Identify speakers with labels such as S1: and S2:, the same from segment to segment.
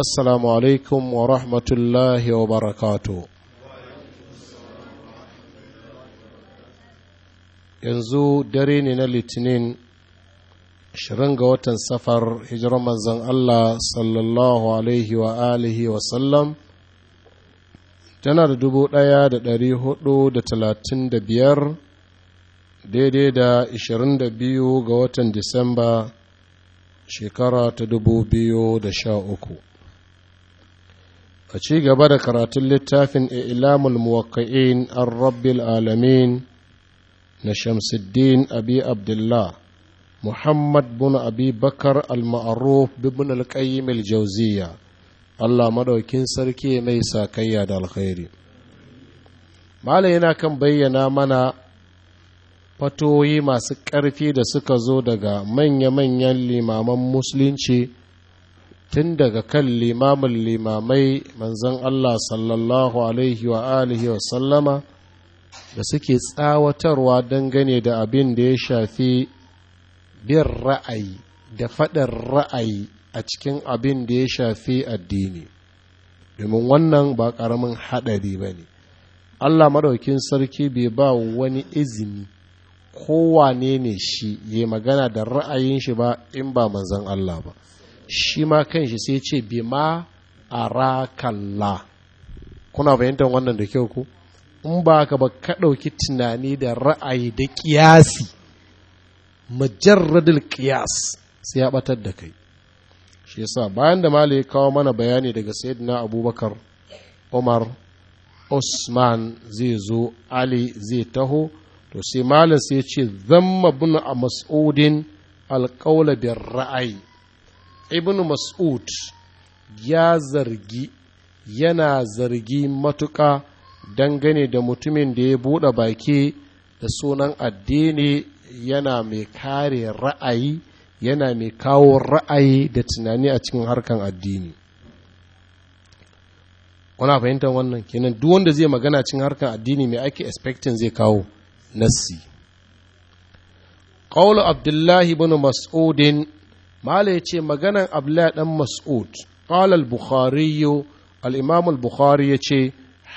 S1: assalamu alaikum wa rahmatullahi wa barakatu yanzu dare ne na litinin shirin ga watan safar hijirar manzan Allah sallallahu alaihi wa alihi wa sallam tana da dubu ɗaya da ɗari hudu da talatin da biyar daidai da ishirin da biyu ga watan disamba shekara ta dubu biyu da sha uku a ci gaba da karatun littafin ilamul muwakka'in an rabbil alamin na shamsuddin abi abdullah muhammad bin abi bakar al-ma'aruf bin al-qayyim al-jawziya allah madaukin sarki mai sakayya da alkhairi malai yana kan bayyana mana fatoyi masu ƙarfi da suka zo daga manya-manyan limaman musulunci tun daga kan limamin limamai manzon Allah sallallahu alaihi wa alihi wa sallama da suke tsawatarwa dangane da abin da ya shafi bin ra'ayi da faɗin ra'ayi a cikin abin da ya shafi addini domin wannan ba ƙaramin haɗari ba ne Allah maɗaukin sarki bai ba wani izini kowane ne shi ya magana da ra'ayin shi ba in ba manzon Allah ba shi ma kanshi sai ce bima arakalla kuna fahimtar wannan da kyau ku in ba ka ba ka ɗauki tunani da ra'ayi da ƙiyasi majarradul ƙiyas sai ya ɓatar da kai shi yasa bayan da malai kawo mana bayani daga sayyidina abubakar umar usman zai zo ali zai taho to sai malam sai ce zamma bin a mas'udin alƙaula bin ra'ayi ibn mas'ud ya zargi yana zargi matuƙa dangane da mutumin da ya buɗe baki da sunan addini yana mai kare ra'ayi yana mai kawo ra'ayi da tunani a cikin harkan addini kuna fahimtar wannan kenan duk wanda zai magana cikin harkan addini mai ake expecting zai kawo nassi ƙaulu abdullahi ibn mas'udin mala ya ce maganan abdullahi ɗan mas'ud qala al-bukhari al-imam al-bukhari ya ce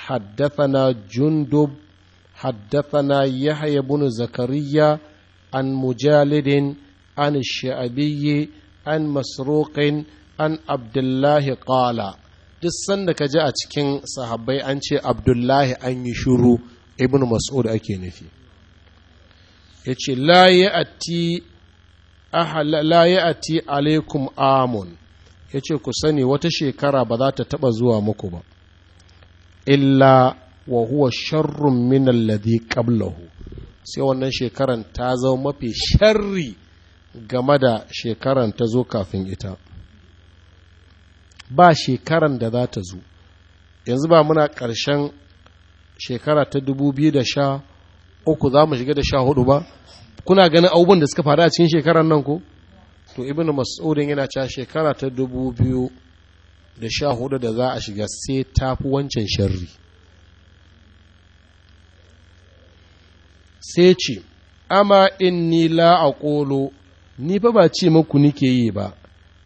S1: haddathana jundub haddathana yahya bunu zakariya an mujalidin an sha'abiyyi an masruqin an abdullahi ƙala. duk sanda ka ji a cikin sahabbai an ce abdullahi an yi shuru ibn mas'ud ake nufi ya ce la ya ati la ya'ati alaikum amun yace ku sani wata shekara ba za ta taɓa zuwa muku ba illa wa huwa sharrun min alladhi qablahu sai wannan shekaran ta zama mafi sharri game da shekaran ta zo kafin ita ba shekaran da za ta zo yanzu ba muna ƙarshen shekara ta 2013 za mu shiga da 14 ba kuna ganin abubuwan da suka faru a cikin shekarar nan ko to ibn mas'udin yana cewa shekara ta dubu biyu da sha hudu da za a shiga sai ta fi wancan sharri sai ce amma ni la a ƙolo ni fa ba ce maku nike yi ba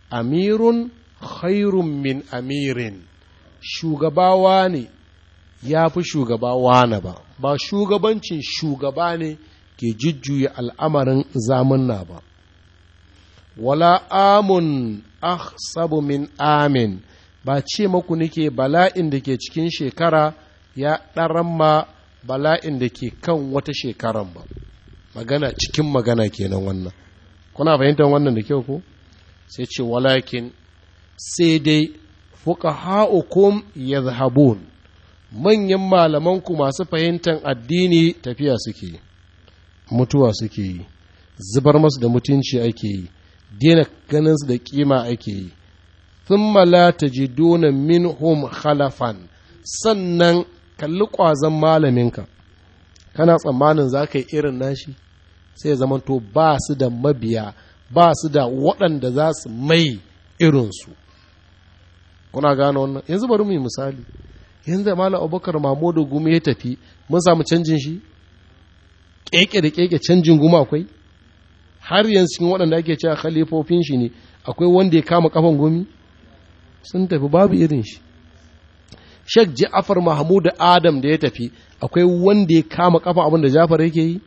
S1: amirun khairun min amirin shugabawa ne ya fi shugaba na ba ba shugabancin shugaba ne ke jujjuya al'amarin zamunna ba wala amun ahsabu min amin ba ce maku nake bala'in da ke cikin shekara ya ɗarama bala'in da ke kan wata shekaran ba magana cikin magana kenan wannan kuna fahimtar wannan da kyau ko sai ce walakin sai dai fuka ha'ukum ya zahabun manyan malamanku masu fahimtar addini tafiya suke yi mutuwa suke yi zubar masu da mutunci ake yi daina ganin su da kima ake yi thumma la tajiduna minhum khalafan sannan kalli kwazon malaminka kana tsammanin za ka yi irin nashi sai ya zamanto ba su da mabiya ba su da waɗanda za su mai irinsu kuna gano wannan yanzu bari mu misali yanzu da malam abubakar mamodo gumi ya tafi mun samu canjin shi keke da keke canjin guma akwai har yanzu waɗanda ake cewa khalifofin shi ne akwai wanda ya kama kafan gumi sun tafi babu irin shi Sheikh Ja'far Mahmud Adam da ya tafi akwai wanda ya kama kafa abin da Ja'far yake yi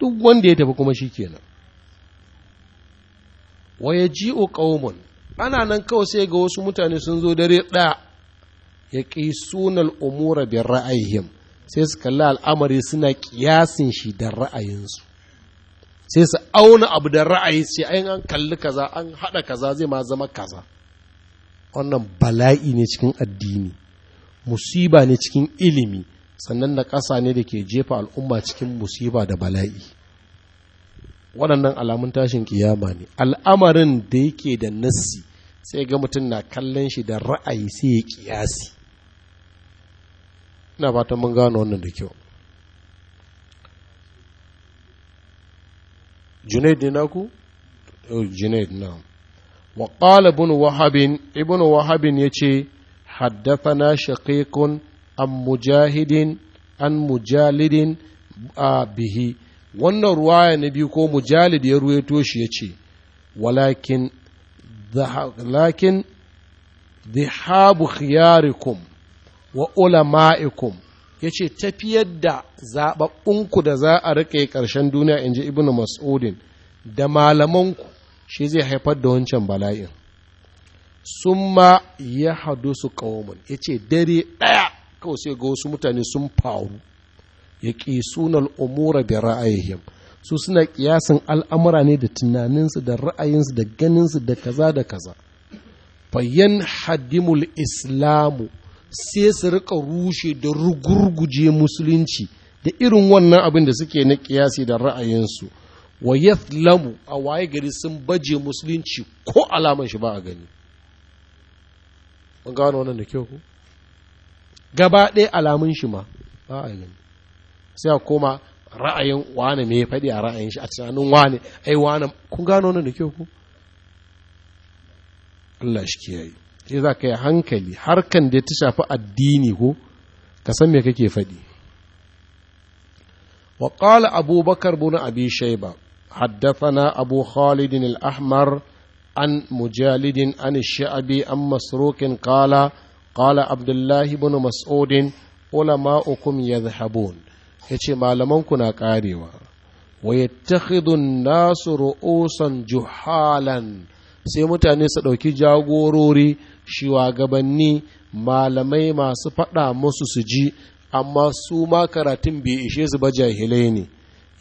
S1: duk wanda ya tafi kuma shi kenan. wa yaji'u qaumun ana nan kawai sai ga wasu mutane sun zo dare ɗaya ya ƙi sunan umura bin ra'ayihim sai su kalli al'amari suna kiyasin shi da ra'ayinsu sai su auna abu da ra'ayi ce ayin an kalli kaza an haɗa kaza zai ma zama kaza wannan bala'i ne cikin addini musiba ne cikin ilimi sannan da ƙasa ne da ke jefa al'umma cikin musiba da bala'i waɗannan alamun tashin kiyama ne al'amarin da yake da nassi sai ga mutum na kallon shi da ra'ayi sai ya kiyasi ina ba ta mun gano wannan da kyau junaid ne naku oh, junaid na wa qala ibn wahab ibn wahab yace haddathana shaqiqun an mujahidin an mujalidin bihi wannan ruwaya na biyu ko mujalid ya ruwaito shi yace walakin lakin dhihabu wa ulama'ikum yace tafiyar da zaɓaɓɓunku da za a riƙe ƙarshen duniya in ji ibn mas'udin da malamanku shi zai haifar da wancan bala'in summa ya hadu su yace ya ce dare ɗaya kawai sai ga wasu mutane sun faru ya ƙi sunan umura da ra'ayihim su suna ƙiyasin al'amura ne da tunaninsu da ra'ayinsu da ganinsu da kaza da kaza fayyan hadimul islamu sai su rika rushe da rugurguje musulunci da irin wannan abin da suke na kiyasi da ra'ayinsu wa lamu a waye gari sun baje musulunci ko alamun shi ba a gani mun gano wannan da kyau ku gaba ɗaya alamun shi ma ba a gani sai a koma ra'ayin wane mai ya faɗi a ra'ayin shi a tunanin wane ai wane kun gano wannan da kyau ku Allah shi kiyaye sai za ka yi hankali harkan da ta shafi addini ko ka san me kake faɗi wa ƙala abubakar buna abi shaiba haddathana abu khalid al-ahmar an sha'abi an masrokin kala an abdullahi qala qala abdullah ibn mas'ud ulama'ukum yadhhabun yace malamanku na karewa wa yattakhidhu an-nasu ru'usan juhalan sai mutane su ɗauki jagorori Shuwagabanni malamai masu faɗa musu su ji amma su ma karatun bai ishe su ba jahilai ne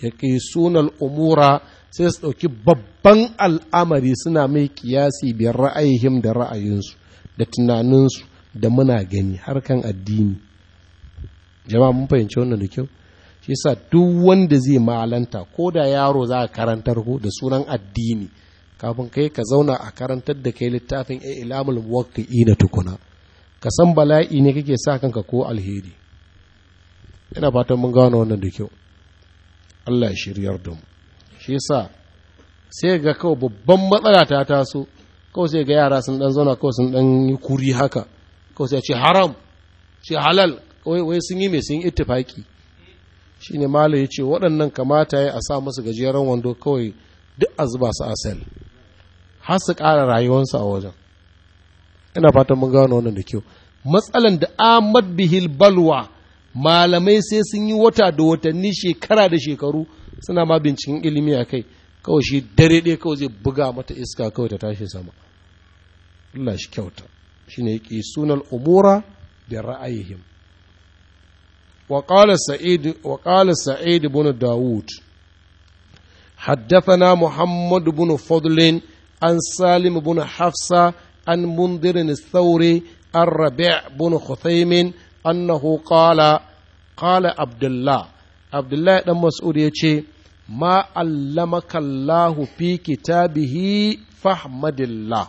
S1: ya sunan umura sai su ɗauki babban al'amari suna mai kiyasi biyar ra'ayihim da ra'ayinsu da tunaninsu da muna gani harkan addini jama'a mun fahimci wannan da kyau shi yasa duk wanda zai malanta ko da yaro za a karantar ko da sunan addini kafin kai ka zauna a karantar da kai littafin a ilamul na tukuna ka san bala'i ne kake sa kanka ko alheri ina fatan mun gano wannan da kyau Allah ya shiryar da mu shi sa sai ga kawai babban matsala ta taso kawai sai ga yara sun dan zauna kawai sun dan yi kuri haka kawai sai ce haram ce halal wai sun yi mai sun yi ittifaki shine malam ya ce waɗannan kamata ya a sa musu gajeren wando kawai duk a zuba su asali har su ƙara rayuwarsu a wajen ina fatan mun gano wannan da kyau matsalan da ahmad bihil balwa malamai sai sun yi wata da watanni shekara da shekaru suna ma binciken ilimi a kai kawai shi dare ɗaya kawai zai buga mata iska kawai ta tashi sama Allah shi kyauta shine ki sunan umura da ra'ayihim wa qala sa'id wa qala sa'id ibn daud حدثنا محمد an salim حفصة hafsa an الثوري saure an rabi' bin khuthaimin annahu Kala. qala Abdullahi, abdullah dan mas'ud ya ce علمك الله في كتابه kitabihi الله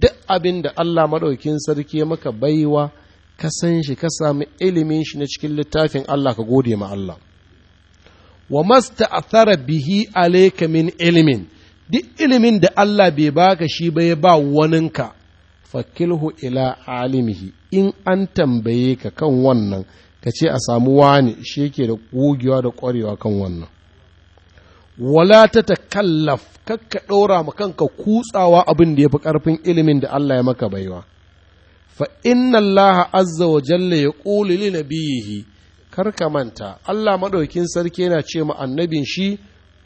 S1: duk abin da Allah maɗaukin sarki ya maka baiwa ka san shi ka sami ilimin shi na cikin littafin Allah ka gode ma Allah wa masta athara bihi alayka min ilimin duk ilimin da Allah bai baka shi ba ya ba waninka fakilhu ila alimihi in an tambaye ka kan wannan ka ce a samu wani shi yake da gogewa da ƙwarewa kan wannan wala ta takallaf kakka ɗora ma kanka kutsawa abin da ya fi ƙarfin ilimin da Allah ya maka baiwa fa inna Allah azza wa jalla ya ƙuli li nabiyihi kar ka manta Allah maɗaukin sarki yana ce ma annabin shi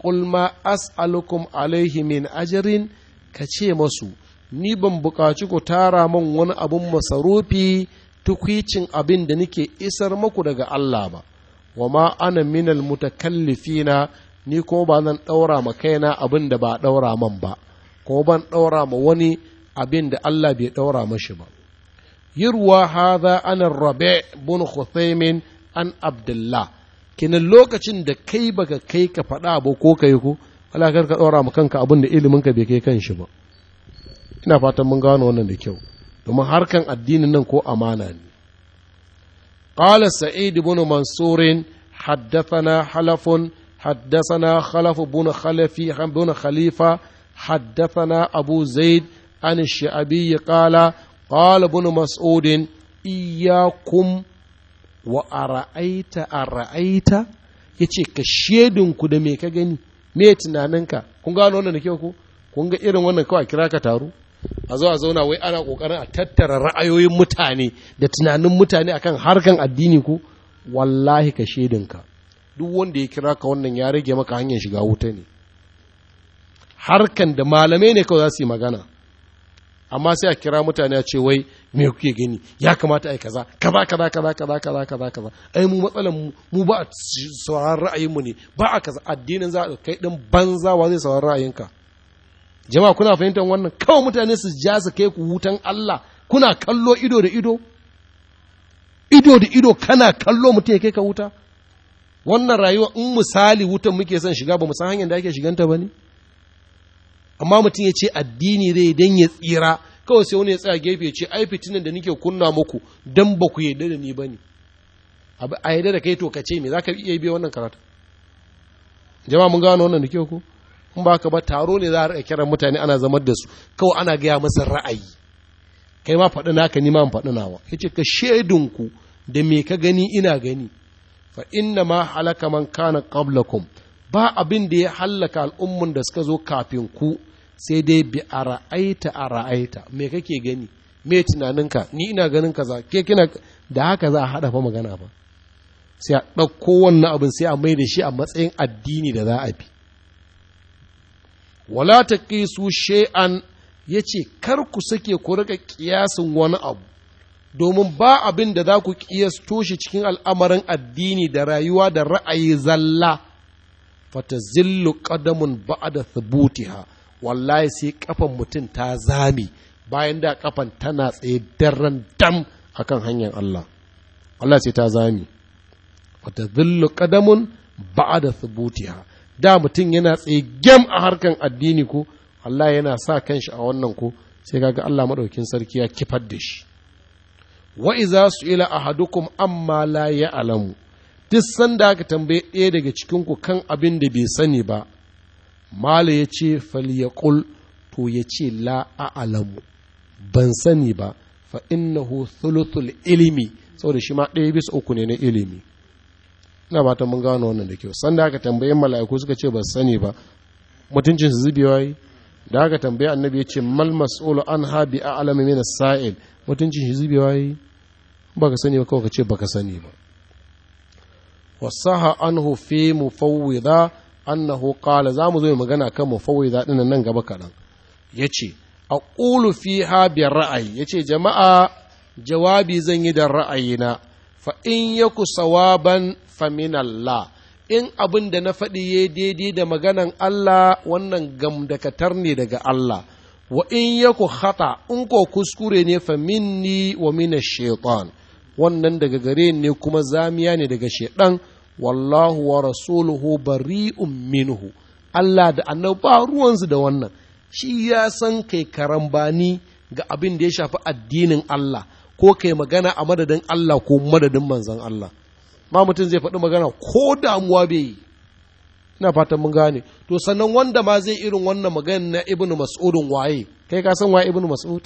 S1: Ƙulma ma as'alukum alaihi min ajrin ka ce masu ni ban buƙaci ku tara man wani abun masarufi tukwicin abin da nake isar maku daga Allah ba wa ma ana minal mutakallifina ni ko ba zan ɗaura ma kaina abin da ba ɗaura man ba ko ban ɗaura ma wani abin da Allah bai ɗaura mashi ba yirwa hadha ana rabe bin khuthaymin an abdullah kenan lokacin da kai baka kai ka faɗa abu ko kai ko Allah kar ka ɗora ma kanka abin da ilimin ka bai kai kan shi ba ina fatan mun gano wannan da kyau domin harkan addinin nan ko amana ne qala sa'id ibn mansur haddathana halafun حدثنا خلف بن خلفي بن خليفة حدثنا أبو زيد عن الشعبي قال قال ابن مسعود إياكم wa a a ra'aita ra'aita ya ce ka shedinku da me ka gani me tunaninka kun gano wannan da kyau ko kun ga irin wannan kawai kira ka taro a zo a zauna wai ana kokarin a tattara ra'ayoyin mutane da tunanin mutane akan harkan addini ko wallahi ka shedinka duk wanda ya kira ka wannan ya rage maka hanyar shiga wuta ne harkan da malamai ne kawai za su yi magana amma sai a kira mutane a ce wai me kuke gani ya kamata a yi kaza kaza kaza kaza kaza kaza kaza kaza ai mu matsalan mu ba a sauraron ra'ayinmu ne ba a kaza addinin za a kai din banza wa zai sauraron ra'ayinka jama'a kuna fahimtar wannan kawai mutane su ja su kai ku hutan Allah kuna kallo ido da ido ido da ido kana kallo mutum ya kai ka wuta wannan rayuwa in misali wutan muke son shiga ba mu san hanyar da ake shiganta ba ne amma mutum ya ce addini zai dan ya tsira kawai sai wani ya tsaya gefe ya ce ai fitinan da nake kunna muku dan ba ku yarda da ni ba ne. a yarda da kai to kace me ka iya biya wannan karatu jama'a mun gano wannan da kyau ko in ba ka ba taro ne za a rika kiran mutane ana zamar da su kawai ana gaya masa ra'ayi kai ma faɗi naka ni ma in faɗi nawa ce ka shaidunku da me ka gani ina gani fa inna ma halaka man kana qablakum ba abin da ya hallaka al'ummun da suka zo kafin ku sai dai bi a ra'aita a ra'aita me kake gani me tunaninka ni ina ganin kaza ke kina da haka za a haɗa fa magana ba sai a ɗauko wannan abin sai a mai da shi a matsayin addini da za a bi wala ta su she'an ya ce kar ku sake ku rika kiyasin wani abu domin ba abin da za ku ƙiyasto shi cikin al'amarin addini da rayuwa da ra'ayi zalla fata zillu ƙadamun ba'ada thubutiha wallahi sai kafan mutum ta zami. bayan da kafan tana tsaye daren dam akan hanyar Allah Allah sai ta zami. wata zillu kadamun da thubutiha da mutum yana tsaye gem a harkan addini ko Allah yana sa kanshi a wannan ko sai ga Allah madaukin sarki ya kifar da shi wa iza su'ila ahadukum amma la ya'lamu duk sanda aka tambaye ɗaya daga cikinku kan abin da bai sani ba mala ya ce falyakul to ya ce la a'lamu ban sani ba fa innahu thuluthul ilimi saboda shi ma ɗaya bisa uku ne na ilimi ina ba ta mun gano wannan da kyau sanda aka tambaye mala'iku suka ce ba sani ba mutuncin su zubi wayi da aka tambaye annabi ya ce mal mas'ulu an a a'lamu min sail mutuncin shi zubewa yi baka sani ba kawai ka ce baka sani ba wasaha saha anhu fi mufawwida annahu qala za mu zo magana kan mufawwida din nan gaba kaɗan yace aqulu fiha bi ra'ayi yace jama'a jawabi zan yi da ra'ayina fa in yaku sawaban fa min Allah in abin da na faɗi ya daidai da maganan Allah wannan gamdakatar ne daga Allah wa in yaku khata in ko kuskure ne fa minni wa min shaitan wannan daga gare ne kuma zamiya ne daga shaitan wallahu wa rasuluhu bari'un minhu Allah da annabi ba ruwansu da wannan shi ya san kai karambani ga abin da ya shafi addinin Allah ko kai magana a madadin Allah ko madadin manzon Allah ma mutum zai faɗi magana ko damuwa bai yi ina fatan mun gane to sannan wanda ma zai irin wannan magana na ibnu mas'udin waye kai ka san waye ibnu mas'ud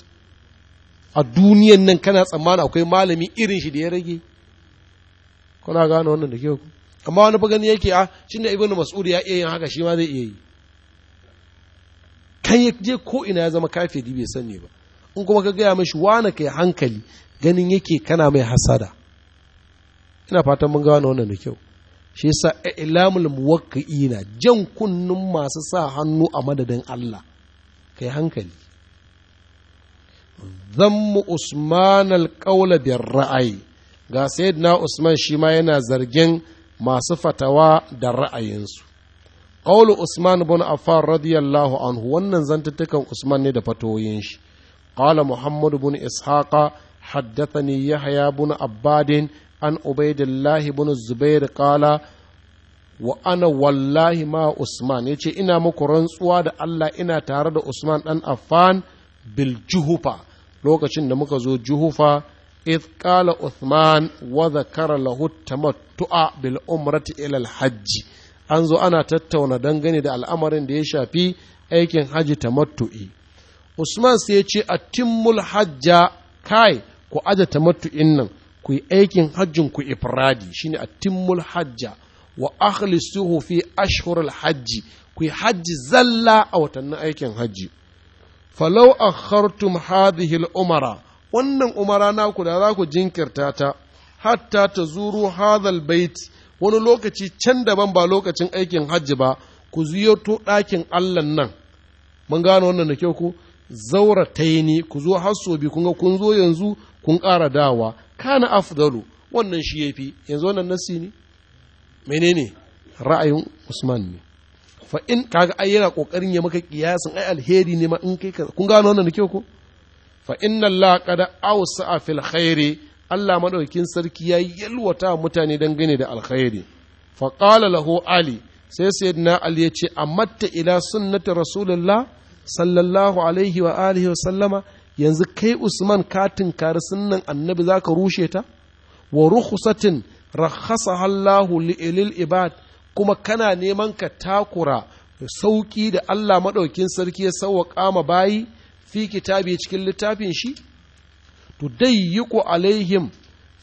S1: a duniyan nan kana tsammana akwai malami irin shi da ya rage kuna gane wannan da kyau amma wani fa gani yake a ah, shi da ibnu mas'ud ya iya yin haka shi ma zai iya yi kan ya je ko ina ya zama kafiri bai sani ba in kuma ka gaya mashi wani kai hankali ganin yake kana mai hasada ina fatan mun gano wannan da kyau shi yasa ilamul ina jan kunnun masu sa hannu a madadin Allah kai hankali zammu usman alqaula bir ra'ayi ga sayyidina usman shi ma yana zargin masu fatawa da ra'ayinsu ƙaulu usman bin affan radiyallahu anhu wannan zantattukan usman ne da fatoyin shi qala Muhammadu bin ishaqa haddathani yahya bin abadin an ubaidillahi bin zubair qala wa ana wallahi ma usman yace ina muku rantsuwa da Allah ina tare da usman ɗan affan bil juhufa lokacin da muka zo juhufa ƙala إذ قال عثمان bil له التمتع hajji. An zo ana tattauna dangane da al'amarin da ya shafi aikin حج tamatu'i. Usman sai ya ce a timmul hajja kai ku aje tamatu'in nan ku yi aikin hajjin ku ifradi shine a timmul hajja wa akhlisuhu fi ashhurul hajji ku yi hajji zalla a watannin aikin hajji falau akhartum hadhihi al-umara wannan umara naku da za ku jinkirta ta hatta ta zuru hadhal bait wani lokaci can daban ba lokacin aikin hajji ba ku ziyarto ɗakin Allah nan mun gano wannan da kyau ku zaura taini ku zo har so bi kun kun zo yanzu kun ƙara dawa kana afdalu wannan shi yafi yanzu wannan nasi ne menene ra'ayin Usman ne fa in kaga ai yana kokarin ya maka kiyasin ai alheri ne ma in kai kun gano wannan da kyau ku. fa inna Allah qad awsa fil khairi Allah madaukin sarki ya yalwata mutane dangane da alkhairi fa qala lahu ali sai sayyidina ali ya ce amatta ila sunnati rasulullah sallallahu alaihi wa alihi wa sallama yanzu kai usman ka tinkari sunnan annabi zaka rushe ta wa rukhsatin rakhasaha Allah lil ibad kuma kana neman ka takura sauki da Allah madaukin sarki ya sauwaka ma bayi fi kitabi cikin littafin shi dai tudayyiqu alaihim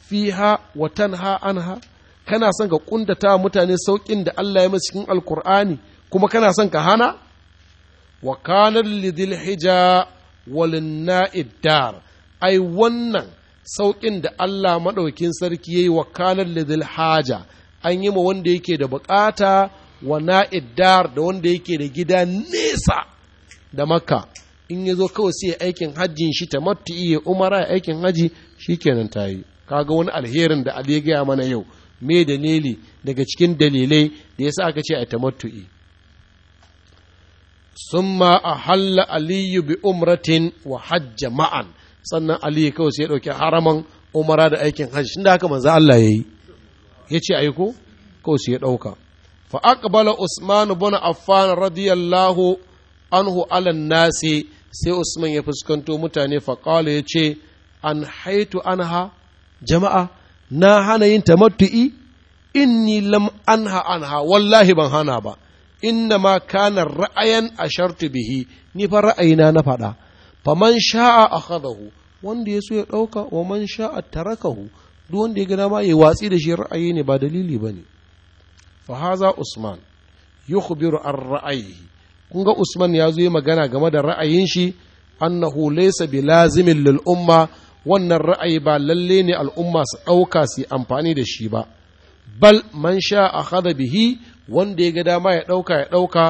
S1: fiha wa tanha anha kana son ka kundata mutane sauƙin da Allah ya masa cikin alkur'ani kuma kana son ka hana wa kanar lidil hija na'idar. ai wannan sauƙin da Allah maɗaukin sarki ya yi wa kanar lidil haja an yi ma wanda yake da bukata wa na'idar da wanda yake da gida nesa da makka in ya zo kawai sai aikin hajjin shi ta mattu iya umara aikin hajji shi kenan ta yi kaga wani alherin da ali gaya mana yau me dalili daga cikin dalilai da yasa aka ce a tamatu'i. summa halla aliyu bi umratin wa hajja ma'an sannan aliyu kawai sai ya ɗauki haraman umara da aikin hajji da haka manzo Allah ya yi yace ayi ko kawai ya ɗauka. fa aqbala usman ibn affan radiyallahu anhu alan nasi sai usman ya fuskanto mutane faƙala ya ce an haitu anha jama'a na hana yin tamattu'i inni lam anha anha wallahi ban hana ba inna ma kana ra'ayan ashartu bihi ni fa ra'ayina na faɗa faman sha'a akhadahu wanda ya so ya ɗauka wa man sha'a tarakahu duk wanda ya gana ma ya watsi da shi ra'ayi ne ba dalili ba ne fa haza usman yukhbiru an ra'ayihi kun ga usman ya zo yi magana game da ra'ayin shi annahu laysa bilazimin lazimin lil umma wannan ra'ayi ba lalle ne al'umma su ɗauka su amfani da shi ba bal man sha hada bihi wanda ya ga dama ya ɗauka ya ɗauka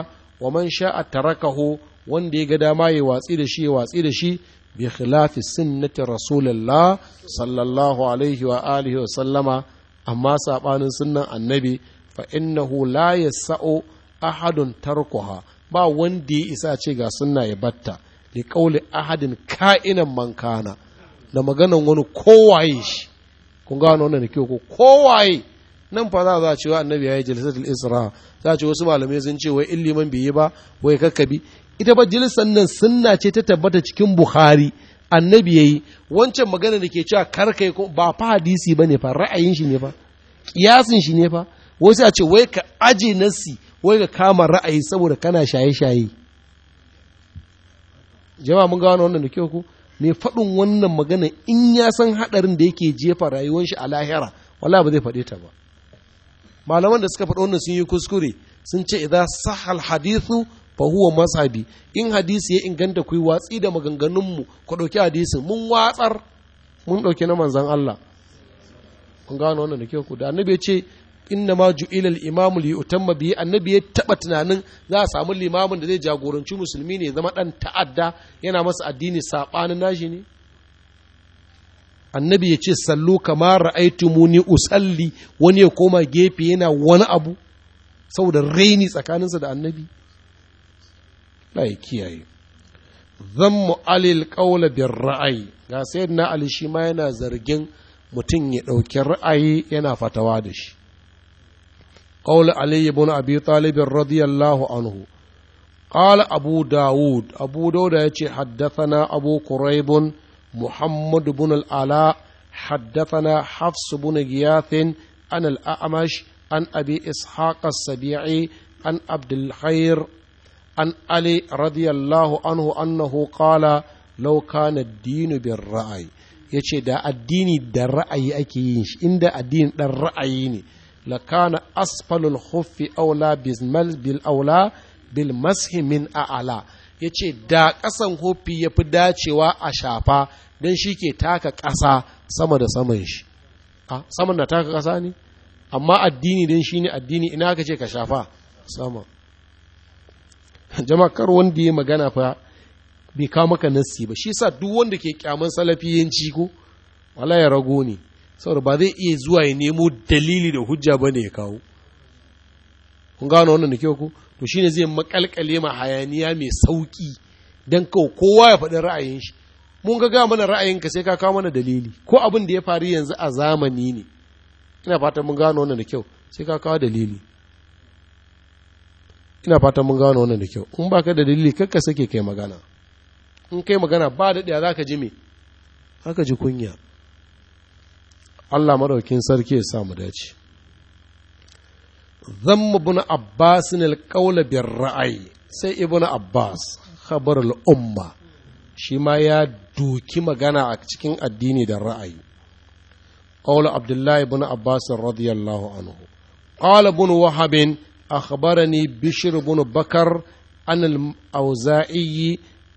S1: wa man sha a tarakaho wanda ya ga dama ya watsi da shi ya watsi da shi bi khilafi sunnati rasulullah sallallahu alaihi wa alihi wa sallama amma sabanin sunnan annabi fa innahu la yasau ahadun tarkuha ba wanda ya isa ce ga sunna ya batta li kauli ahadin ka'inan mankana da maganan wani kowaye shi kun gano wannan kyau ko kowaye nan fa za a cewa annabi ya yi jalisatul isra za a ce wasu malamai sun ce wai illiman bai yi ba wai kakkabi ita ba jilisan nan sunna ce ta tabbata cikin buhari annabi ya yi wancan magana da ke cewa karkai ba fa hadisi ba ne fa ra'ayin shi ne fa kiyasin shi ne fa Wasu a ce wai ka aje nasi wai ga kama ra'ayi saboda kana shaye-shaye jama'a mun gano wannan da kyau ku mai faɗin wannan magana in ya san haɗarin da yake jefa rayuwar shi a lahira wala ba zai faɗe ta ba malaman da suka faɗi wannan sun yi kuskure sun ce idan sahal hadithu fa huwa masabi in hadisi ya inganta ku watsi da maganganun mu ku dauki hadisi mun watsar mun dauki na manzon Allah kun gano wannan da kyau ku da annabi ya ce inna ma ju'ila al-imamu li utamma bi annabi ya taba tunanin za a samu limamin da zai jagoranci musulmi ne zama dan ta'adda yana masa addini sabanin nashi ne annabi ya ce sallu kama ra'aytumuni usalli wani ya koma gefe yana wani abu saboda raini tsakaninsa da annabi la kiyaye zammu alil qawla bir ra'ayi ga sayyidina ali shi ma yana zargin mutum ya ɗauki ra'ayi yana fatawa da shi قول علي بن أبي طالب رضي الله عنه قال أبو داود أبو داود حدثنا أبو قريب محمد بن العلاء حدثنا حفص بن غياث عن الأعمش عن أبي إسحاق السبيعي عن عبد الخير عن علي رضي الله عنه أنه قال لو كان الدين بالرأي يشي دا الدين دا رأي أكيش إن دا الدين دا رأي lakana asfalul khuffi aula bil aula bil mashi min a'ala ya ce da ƙasan hofi ya fi dacewa a shafa don shi ke taka ƙasa sama da saman shi a saman na taka ƙasa ne amma addini don shi ne addini ina ka ce ka shafa sama jama'ar wanda ya magana fa bai kawo maka nassi ba shi sa duk wanda ke kyaman salafiyanci ko wala ya rago ne saboda ba zai iya zuwa ya nemo dalili da hujja ba ne ya kawo kun gano wannan da kyau ku to shine zai makalkale ma hayaniya mai sauki dan kawo kowa ya faɗi ra'ayin shi mun ga gaya mana ka sai ka kawo mana dalili ko abin da ya faru yanzu a zamani ne ina fatan mun gano wannan da kyau sai ka kawo dalili ina fatan mun gano wannan da kyau in baka da dalili kakka sake kai magana in kai magana ba da daya ka ji me ka ji kunya Allah maɗaukin sarki ya samu dace zammu Buna Abbas ne alƙaula ra'ayi sai ibn Abbas khabar umma shi ma ya duki magana a cikin addini da ra'ayi ƙaula Abdullahi ibn Abbas radiyallahu anhu قال ibn wahabin أخبرني بشر بن Bishir, عن Bakar,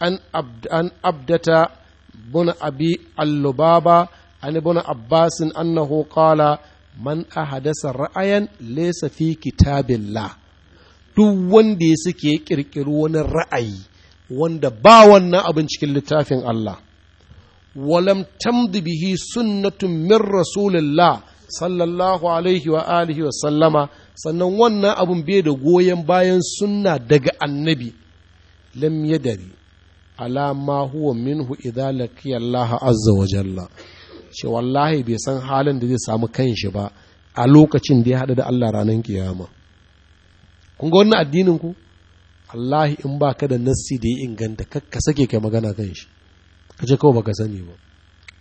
S1: عن عبد عن عبدة بن an ibn abbas annahu qala man ahadasa ra'ayan laysa fi kitabillah duk wanda ya suke kirkiri wani ra'ayi wanda ba wannan abin cikin littafin Allah walam tamdi bihi sunnatun min rasulillah sallallahu alaihi wa alihi wa sallama sannan wannan abin bai da goyon bayan sunna daga annabi lam yadari ala ma huwa minhu idza laqiya Allah azza wa jalla ce wallahi bai san halin da zai samu kanshi ba a lokacin da ya haɗu da Allah ranar kiyama kun ga wannan addinin ku Allahi in ba ka da nassi da ya inganta ka sake kai magana kan shi ka ce kawai baka sani ba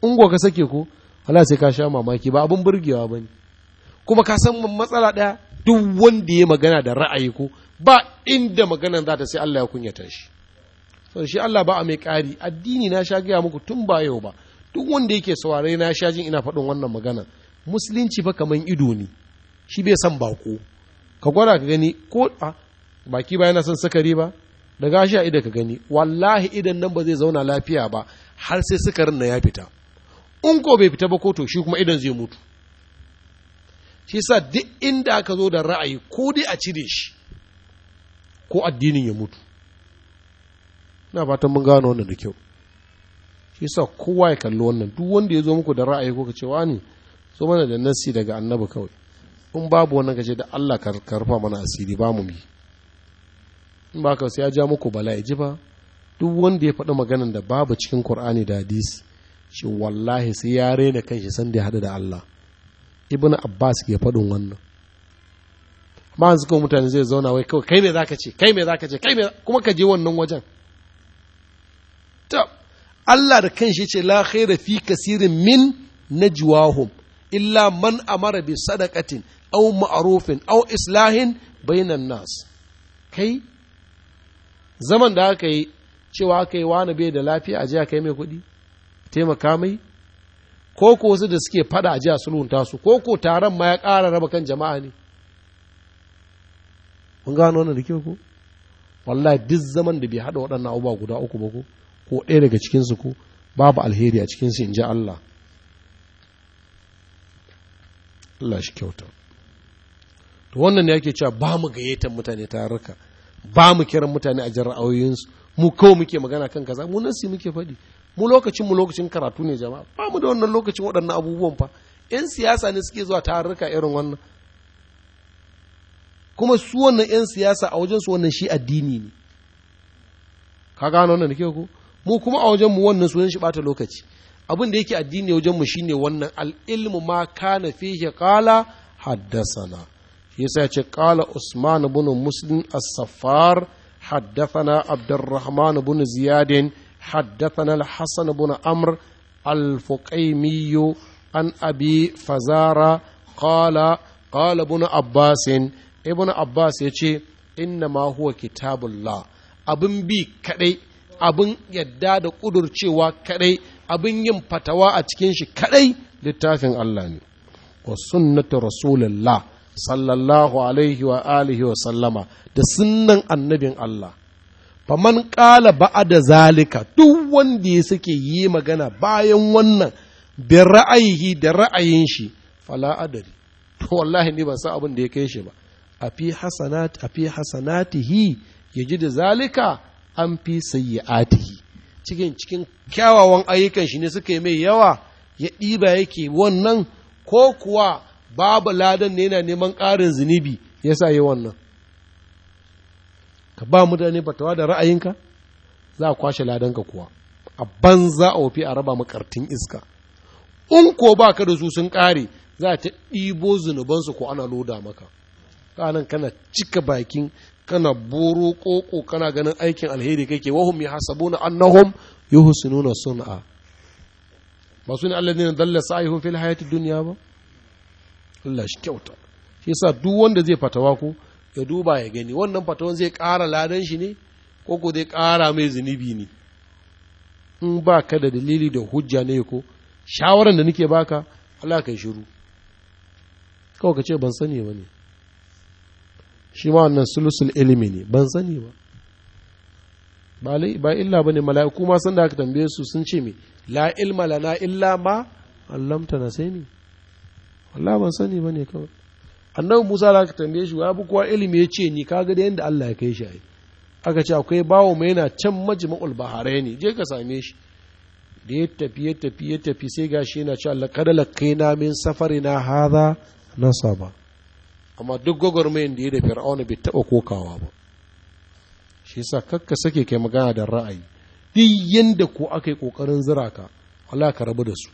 S1: in ko ka sake ko Allah sai ka sha mamaki ba abin burgewa ba ne kuma ka san matsala ɗaya duk wanda ya magana da ra'ayi ko ba inda magana za ta sai Allah ya kunyata shi so shi Allah ba a mai ƙari addini na sha gaya muku tun ba yau ba duk wanda yake saurare na shajin ina faɗin wannan magana musulunci ba kaman ido ne shi bai san bako ka gwada ka gani ko a baki ba yana son sakari ba da gashi a idan ka gani wallahi idan nan ba zai zauna lafiya ba har sai sukarin na ya fita in ko bai fita ba ko to shi kuma idan zai mutu shi sa duk inda aka zo da ra'ayi ko dai a cire shi ko addinin ya mutu ina fatan mun gano wannan da kyau shi sa kowa ya kalli wannan duk wanda ya zo muku da ra'ayi ko ka ce wani so mana da nasi daga annabi kawai in babu wannan kace da Allah ka rufa mana asiri ba mu bi in ba ka sai ya ja muku bala'i ji ba duk wanda ya faɗi maganan da babu cikin Qur'ani da hadisi shi wallahi sai ya rena kanshi san da ya hada da Allah ibn Abbas ke faɗin wannan amma yanzu kuma mutane zai zauna wai kai me zaka ce kai me zaka ce kai me kuma ka je wannan wajen Allah da kanshi ce la khaira fi kasirin min najwahum illa man a amara bi sadaqatin aw ma'rufin au islahin bainan nas kai zaman da aka yi cewa aka yi wani bai da lafiya a jiya kai mai kuɗi taimaka mai ko ko wasu da suke fada a jiya sulhunta su ko ko taron ma ya ƙara raba kan jama'a ne mun gano wannan da kyau ko wallahi duk zaman da bai haɗa waɗannan abubuwa guda uku ba ko ko ɗaya daga cikinsu ko babu alheri a cikinsu in ji Allah Allah shi kyauta to wannan ne yake cewa ba mu gayyatar mutane taruka ba mu kiran mutane a jan ra'ayoyinsu mu kawai muke magana kan kaza mu nasi muke faɗi mu lokacin mu lokacin karatu ne jama'a ba mu da wannan lokacin waɗannan abubuwan fa yan siyasa ne suke zuwa taruka irin wannan kuma su wannan yan siyasa a wajen su wannan shi addini ne ka gano wannan da ke ko mu kuma a wajenmu wannan sunan shi bata lokaci abin da yake addini a wajenmu shi ne wannan al’ilmu ma kana fihe kala haddasana shi yasa ya ce kala usman bin musulun asafar saffar haddathana abdurrahman bin ziyadin haddathana al-hasan bin amr alfukai miyu an abi fazara qala bin abbas ibn abbas yace inna ma huwa kitabullah abin bi kadai abin yadda da ƙudurcewa kadai, abin yin fatawa a cikin shi kadai, littafin Allah ne wa sunnatu rasulullah sallallahu alaihi wa alihi wa sallama da sunnan annabin Allah faman ƙala ba'ada zalika duk wanda ya suke yi magana bayan wannan bi ra'ayihi da ra'ayin shi fala adari to wallahi ni ban san abin da ya kai shi ba a fi hasanat a fi hasanatihi da zalika an fi sayyi'atihi cikin cikin kyawawan ayyukan shi ne suka yi mai yawa ya ɗiba yake wannan ko kuwa babu ladan ne yana neman ƙarin zunubi yasa yi wannan ka ba mutane batawa da ra'ayinka za a kwashe ladanka kuwa a banza a wafi a raba makartin iska in ko ba ka da su sun ƙare za ta ɗibo zunubansu ko ana loda maka kanan kana cika bakin kana buru koko kana ganin aikin alheri kake wahum yahsabuna annahum yuhsinuna sun'a ba su ne dalla sa'ihum fil hayati dunya ba Allah shi kyauta shi yasa duk wanda zai fatawa ko ya duba ya gani wannan fatawan zai ƙara ladan shi ne ko ko zai ƙara mai zunubi ne in ba ka da dalili da hujja ne ko shawaran da nake baka Allah kai shiru kawai ka ce ban sani ba ne shi ma wannan sulusul ilimi ne ban sani ba ba illa ba ne mala'iku ma sun da aka tambaye su sun ce me la ilma lana illa ma allamta na sai ne Allah ban sani ba ne kawai annabi Musa da aka tambaye shi ya bi kowa ilimi ya ce ni kaga da yadda Allah ya kai shi ai aka ce akwai bawo mai yana can majma'ul baharai ne je ka same shi da ya tafi ya tafi ya tafi sai gashi yana cewa laqad laqina min safarina hadha nasaba amma duk gwagwarmayin da ya da fir'auna bai taɓa kokawa ba shi yasa kakka sake kai magana da ra'ayi duk yanda ko aka yi ƙoƙarin zira ka Allah ka rabu da su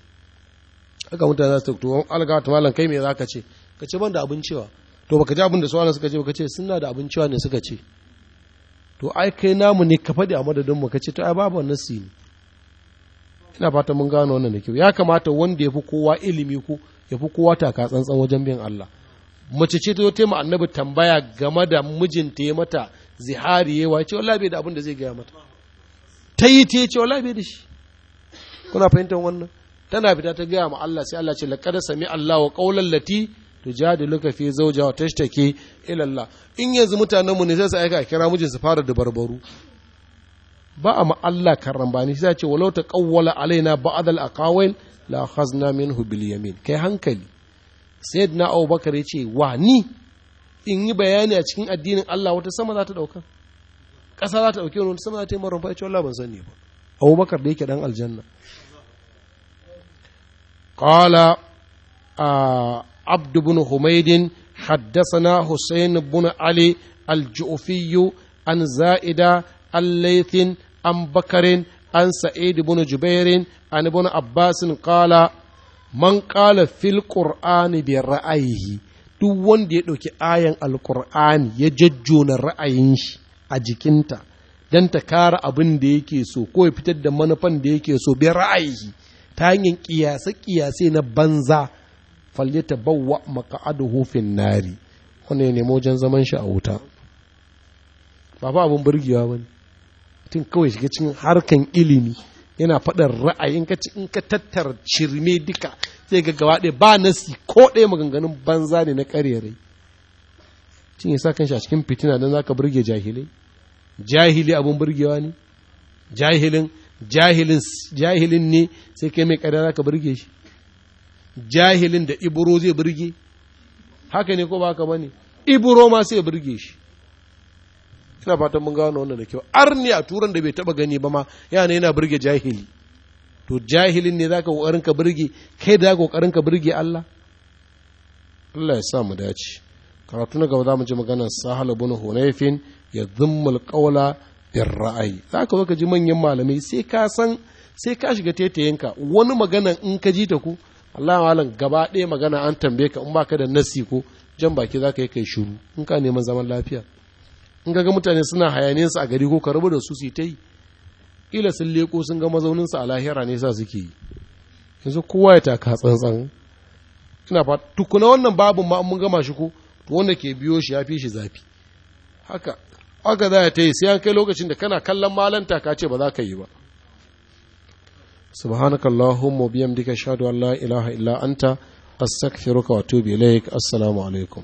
S1: aka mutane da su to alga ta malam kai me za ka ce ka ce ban da abin cewa to baka ji abin da suwanan suka ce baka ce suna da abin cewa ne suka ce to ai kai namu ne ka faɗi a madadin mu ka ce to ai babu wannan ne ina fata mun gano wannan da kyau ya kamata wanda ya fi kowa ilimi ko ya fi kowa taka tsantsan wajen bin Allah mace ce ta zo ta annabi tambaya game da mijinta ya mata zihari yawa ce wallahi bai da abin da zai gaya mata ta yi ta ce wallahi bai da shi kuna fahimtar wannan tana fita ta gaya ma Allah sai Allah ce laqad sami Allah wa qawlan lati tujadiluka fi zawja wa tashtaki ila Allah in yanzu mutanen mu ne sai su aika kira mijin su fara da barbaru ba a ma Allah karambani sai ce walau taqawwala alaina ba'd al aqawil la khazna minhu bil yamin kai hankali sayyidina Abu Bakar ya ce wa ni in yi bayani a cikin addinin Allah wata sama za ta dauka ƙasa za ta dauke wani? wata sama za ta yi ya ce Allah ban sani ba Abu Bakar da yake dan aljanna Kala a abd Haddasa humayd haddathana husayn ali al-ju'fiyyu an za'ida al an bakarin an sa'id ibn jubair an ibn abbas qala man ƙala fil ƙur'ani bi ra'ayihi duk wanda ya ɗauki ayan alƙur'ani ya jajjona ra'ayin shi a jikinta dan ta kara abin da yake so ko ya fitar da manufan da yake so bi ra'ayihi ta hanyar ƙiyase-ƙiyase na banza falyata bawwa maka'aduhu fin nari wanda ya nemo wajen zaman shi a wuta ba fa abin burgewa ba ne kawai shiga cikin harkan ilimi yana faɗin ra'ayin ka in ka tattar shirme duka sai ga gaba ɗaya ba nasi ko ɗaya maganganun banza ne na rai cin yasa kan shi a cikin fitina don zaka burge jahilai jahili abun burgewa ne jahilin jahilin ne sai kai mai ƙarya zaka burge shi jahilin da ibro zai burge haka ne ko ba haka bane ibro ma sai ya burge shi ina fatan mun gano wannan da kyau arni a turan da bai taba gani ba ma yana yana burge jahili to jahilin ne zaka kokarin ka burge kai da kokarin ka burge Allah Allah ya sa mu dace karatu na gaba za mu ji maganar Sahal ibn Hunayfin ya dhimmul qawla bir ra'ayi zaka zo ka ji manyan malamai sai ka san sai ka shiga tetayenka wani magana in ka ji ta ku Allah malam gaba ɗaya magana an tambaye ka in baka da nasi ko jan baki zaka yi kai shiru in ka neman zaman lafiya in ga mutane suna hayanin su a gari ko ka da su su ta yi ila sun leko sun ga mazaunin a lahira ne sa suke yi yanzu kowa ya taka tsantsan ina fa tukuna wannan babun ma mun gama shi ko to wanda ke biyo shi ya fi shi zafi haka haka za ta yi sai an kai lokacin da kana kallon malanta ka ce ba za ka yi ba سبحانك اللهم وبحمدك اشهد ان لا اله الا انت استغفرك واتوب اليك السلام عليكم